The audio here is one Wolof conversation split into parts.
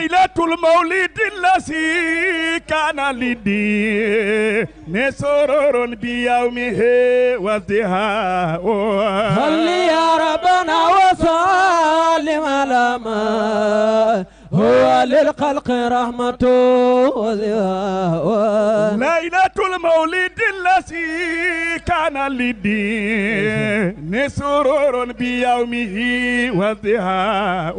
laylatul mawlidi lasi kana lidi ne sororon bi yawmihi wazdiha salli ya rabbana wa sallim ala ma هو للخلق رحمة وزواء ليلة المولد الذي كان للدين سرور بيومه وضحاء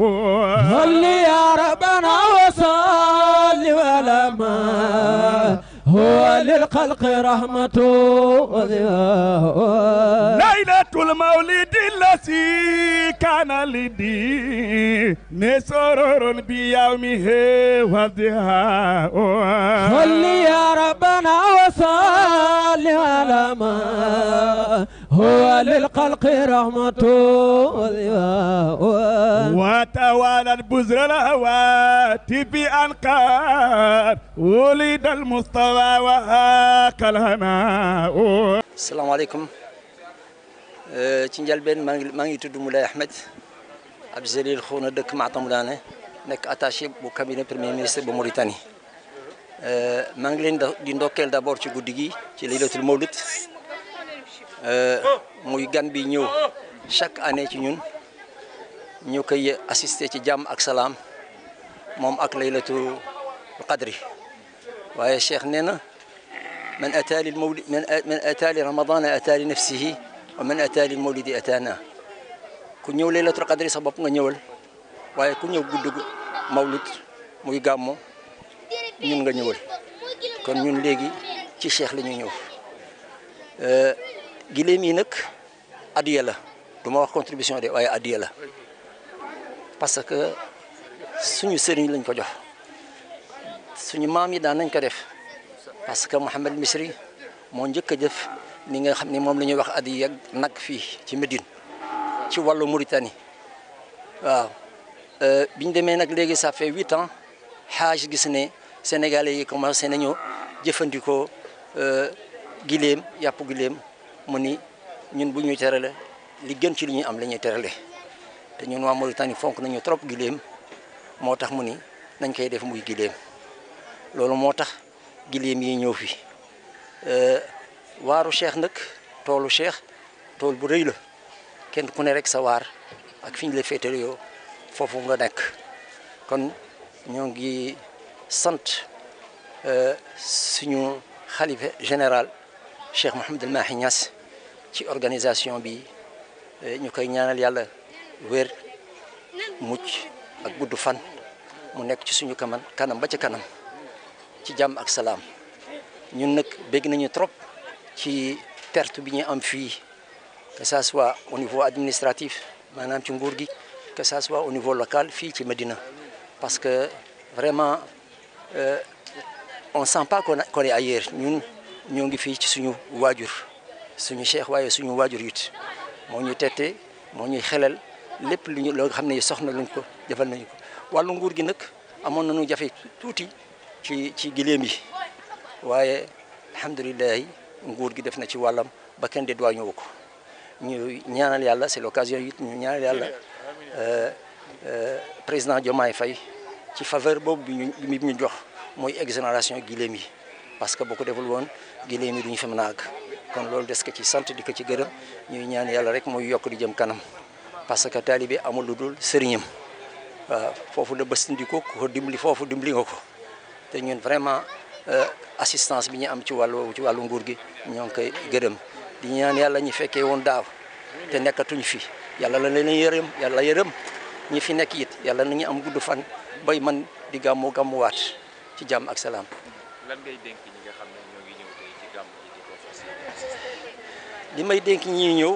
صل يا ربنا وصل ولما هو للخلق رحمة وضحاء ليلة المولد الذي كان لدي نسرور بيومه وضحاء صل يا ربنا وصل على ما هو للخلق رحمة وتوالى البزر الهواتف أنقار ولد المصطفى وهاك الهناء السلام عليكم Euh, ci njëlbeen maa maa ngi tudd Moulay Ahmed ab Zélil xaw na dëkk Matamulaane nekk attaché bu cabinet premier ministre bu Mauritanie euh, maa ngi leen di ndokkeel d' abord ci guddi gi ci laylatul mawlid euh, gan bi ñëw chaque année ci ñun ñu koy assister ci jàmm ak salaam moom ak laylatul qadri waaye Cheikh nee na man ataali mawlid ataali ramadana wa man ataa lil mawlidi ataana ku ñëw leen laylatul qadri sa bopp nga ñëwal waaye ku ñëw guddug mawlid muy gàmmu ñun nga ñëwal kon ñun léegi ci cheikh la ñu ñëw euh, giléem yi nag addiya la du wax contribution de waaye addiya la parce que suñu sëriñ lañ ko jox suñu maam yi daan nañ ko def parce que Mouhamed Misri moo njëkk a jëf li nga xam ni moom la ñuy wax at yi ak nag fii ci Médine ci wàllu Mauritanie waaw euh, bi ñu demee nag léegi ça fait huit ans xaaj gis ne sénégalais yi commencé nañu jëfandikoo euh, gileem yàpp gileem mu ni ñun bu ñuy terale li gën ci li ñuy am la ñuy terale te ñun waa Mauritanie fonk nañu trop gileem moo tax mu ni nañ koy def muy gileem loolu moo tax gileem yi ñëw fii euh, waaru cheikh nag toolu cheikh tool bu rëy la kenn ku ne rek sa waar ak fiñ la féetale yoo foofu nga nekk kon ñoo ngi sant euh, suñu xalifa général cheikh Mouhamed El Mahi ci organisation bi euh, ñu koy ñaanal yàlla wér mucc ak gudd fan mu nekk ci suñu kaman kanam ba ci kanam ci jàmm ak salaam ñun nag bégg nañu trop ci perte bi ñu am fii que ça soit au niveau administratif maanaam ci nguur gi que ça soit au niveau local fii ci madina parce que vraiment euh, on sent pas qu'on est ailleurs ñun ñoo ngi fii ci suñu waajur suñu cheikh waaye suñu waajur yit moo ñu tette moo ñuy xelal lépp lu ñu loo xam ne soxna luñ ko defal nañu ko walla nguur gi nag amoon nañu jafe tuuti ci ci giléem yi waaye alhamdulilah. nguur gi def na ci wàllam ba kenn de doy ñëwu ko ñu ñaanal yàlla c'est l'occasion it ñu ñaanal yàlla euh, euh, président Diomaye fay ci faveur boobu bi ñu jox mooy exonération gileem yi parce que boo ko deful woon gileem yi du ñu fa mën a àgg kon loolu des ko ci sant di ko ci gërëm ñuy ñaan yàlla rek mooy yokk di jëm kanam parce que taalibe amul lu dul sëriñam waaw foofu la bës ndiko ko dimbali foofu dimbali nga ko te ñun vraiment. Eh, assistance bi ñu am ci wàllu ci wàllu nguur gi ñoo koy gërëm di ñaan yàlla ñi fekkee woon daaw te nekkatuñ fi yàlla la leen yërëm yàlla yërëm ñi fi nekk it yàlla nañu am gudd fan bay man di gàmmu gàmmuwaat ci jàmm ak salaam. lan li may dénk ñi ñëw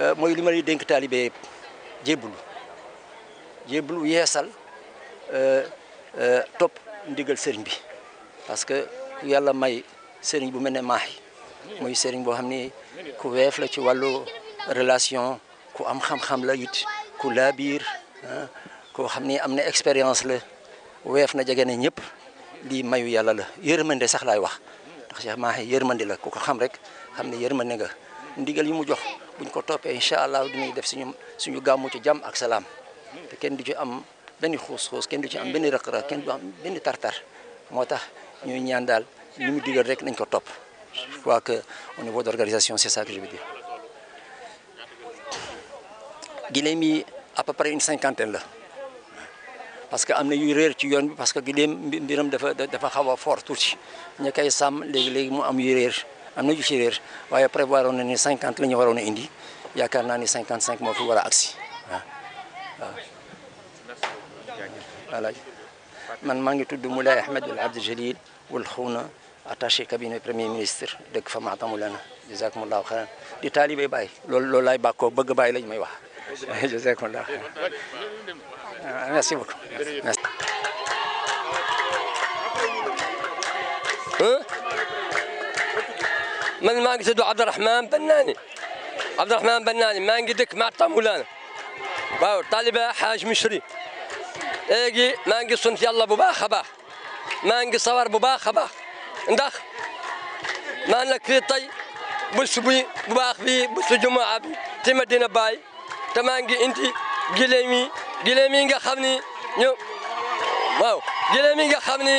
eh, mooy li may dénk taalibe yëpp jébbalu jébbalu yeesal eh, topp ndigal sëriñ bi. parce que yàlla may sëriñ bu mel ne Mahi muy sëriñ boo xam ni ku weef la ci wàllu relation ku am xam-xam la it ku laabiir ah, koo xam ni am ne expérience la weef na jege ne ñëpp lii mayu yàlla la yërmande sax laay wax ndax Cheikh Mahi yërmande la ku ko xam rek xam ne yërmande nga ndigal yi mu jox buñ ko toppee incha allah dinañ def suñu suñu gàmmu ci jàmm ak salaam kenn du ci am benn xuus xuus kenn du ci am benn rëq-rëq kenn du am benn tartar moo tax ñuy ñaan daal li mu digal rek nañ ko topp je crois que au niveau de l'organisation c'est ça que je veux dire yi à peu une cinquantaine la parce que am na yuy réer ci yoon bi parce que giléem mbiram dafa dafa xaw a fort tuuti ña koy sàmm léegi léegi mu am yuy réer am na yu ci réer waaye prévoir na ni cinquante la ñu waroon a indi yaakaar naa ni cinquante cinq moo fi war a agsi waaw man maa ngi tudd Moulay Ahmed El Abdi Jalil wal xuuna attaché cabinet premier ministre dëkk fa maatamu lana jazakumullahu xayran di taalibe Baye loolu loolu laay bàkkoo bëgg Baye lañ may wax jazakumullahu xayran ah, merci beaucoup merci man maa ngi tudd Abdourahmane Bannaani Abdourahmane Bannaani maa ngi dëkk maatamu lana waaw taalibe Haaj Mishri léegi maa ngi sun yàlla bu baax a baax maa ngi sawar bu baax a baax ndax maa nag tey bés bi bu baax bii bésu jumaa bi ci Medina Baye te maa ngi indi gileem yi gileem yi nga xam ni ñu waaw gileem yi nga xam ni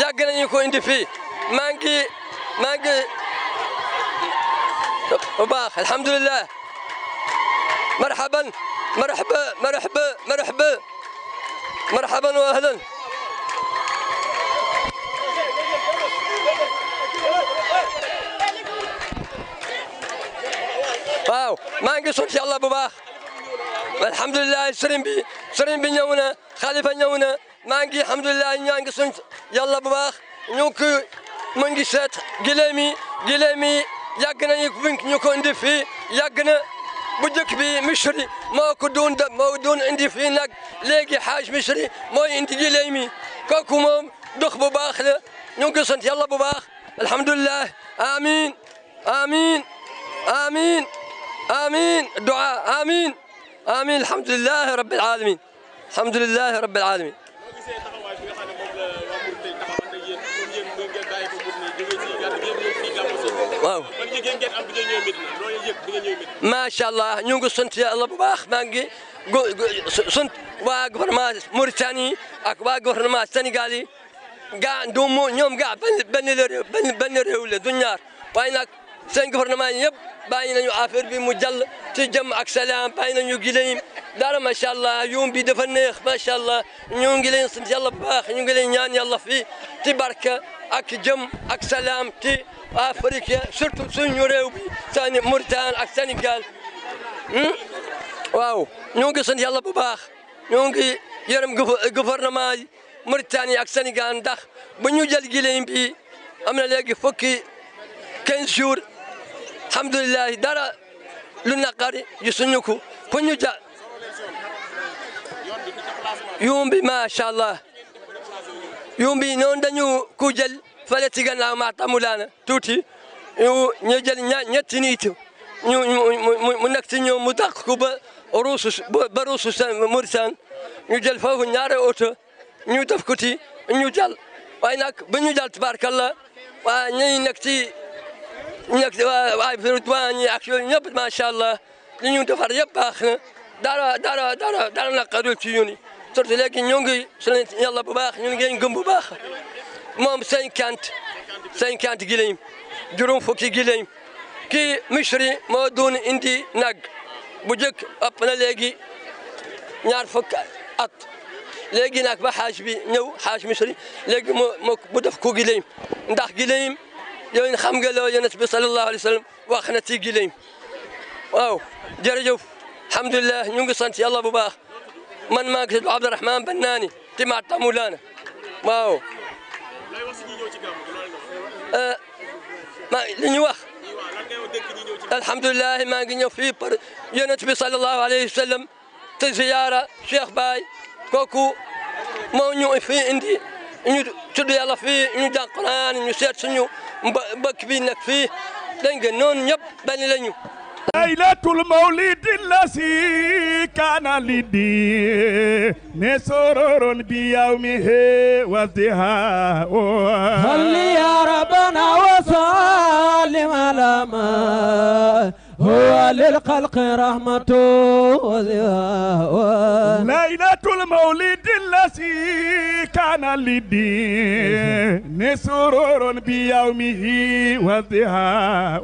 yàgg nañu ko indi fii maa ngi maa ngi bu baax alhamdulilah marhaban marhaba marhaba marhaba مرحبا واهلا واو ما نقص ان شاء الله ابو باخ الحمد لله سرين بي سرين بي نيونا خليفه نيونا ما نقي الحمد لله نقص يلا ابو باخ نوك من قصت قلامي قلامي يقنا يكبنك نكون دفي يقنا bu njëkk bi Misri moo ko doon def moo doon indi fii nag léegi xaaj Misri mooy indi giléey mi kooku moom dox bu baax la ñu ngi sant yàlla bu baax alhamdulilah amiin amiin amiin amiin dua amiin amiin alhamdulilah rabbil aalamiin alhamdulilah rabbil aalamiin waaw macha allah ñu ngi sant yàlla bu baax maa ngi go sant waa gouvernement Mauritanie ak waa gouvernement Sénégal yi gaa du mu ñoom gaa benn benn benn benn réew la du ñaar waaye nag seen gouvernement yi yëpp bàyyi nañu affaire bi mu jàll ci jàmm ak salaam bàyyi nañu gi leen dara macha allah yoon bi dafa neex macha allah ñu ngi leen sant yàlla bu baax ñu ngi leen ñaan yàlla fii ci barke ak jëm ak salaam ci. Afrique surtout suñu réew bi sani ak Sénégal hmm? waaw ñoo ngi yàlla bu baax ñoo ngi yërëm gouvernement yi Mauritanie ak Sénégal ndax ba ñu jël gileem am na léegi fukki 15 jours alhamdulilah dara lu naqari gisuñu ko fu ñu ja yombi macha allah yombi noonu dañu ko jël fële ci gannaaw maa tamulaana tuuti ñu jël ñetti niit ñu mu nekk ci ñoom mu dàq ko ba ruusu ba ruusu Mursaan ñu jël foofu ñaari oto ñu def ko ci ñu jàll waaye nag ba ñu jàll tabaarkalla waa ñuy nekk ci nekk waa waa douane ak yooyu ñëpp macha allah li ñu defar yëpp baax na dara dara dara dara naqarul ci ñun surtout léegi ñoo ngi sant yàlla bu baax ñu ngi gëm bu baax. moom cinquante cinquante gileem juróom fukki gileem kii misri moo doon indi nag bu njëkk ëpp na léegi ñaar fukk at léegi nag ba xaaj bi ñëw xaaj misri léegi moo moo bu def ko gileem ndax gileem yooyu xam nga loo yonent bi wa wax na ci gileem waaw jërëjëf alhamdulilah ñu ngi sant yàlla bu baax man maa ngi tudd Abdourahmane Bannaani timaat Tamoulana waaw Euh, maa li ñu wax alhamdulilah maa ngi ñëw fii par yonent bi sallallahu alayhi wa sallam te ziyaara Cheikh Baye kooku moo ñu fi indi ñu tudd yàlla fii ñu jàng Quran ñu seet suñu mbokk bi nag fii dégg nga noonu ñëpp benn lañu laylatul mawlidi lasi kana lidi ne sororon bi yawmihi wazdiha halli ya rabbana wa sallim ala ma هو للخلق رحمة ليلة المولد الذي كان للدين سرور بيومه وضحاه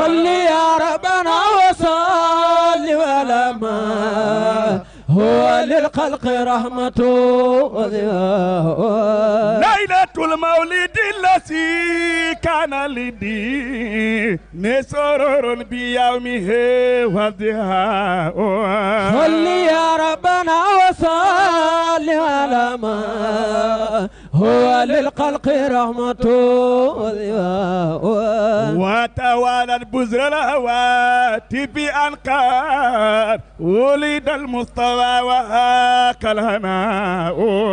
صل يا ربنا وصل ولما هو للخلق رحمة ليلة المولد الذي كان لدي نسرور بيومه وضحاء صل يا ربنا وصل على ما هو للخلق رحمة وتوالى البزر الهواتف أنقار ولد المصطفى وهاك الهناء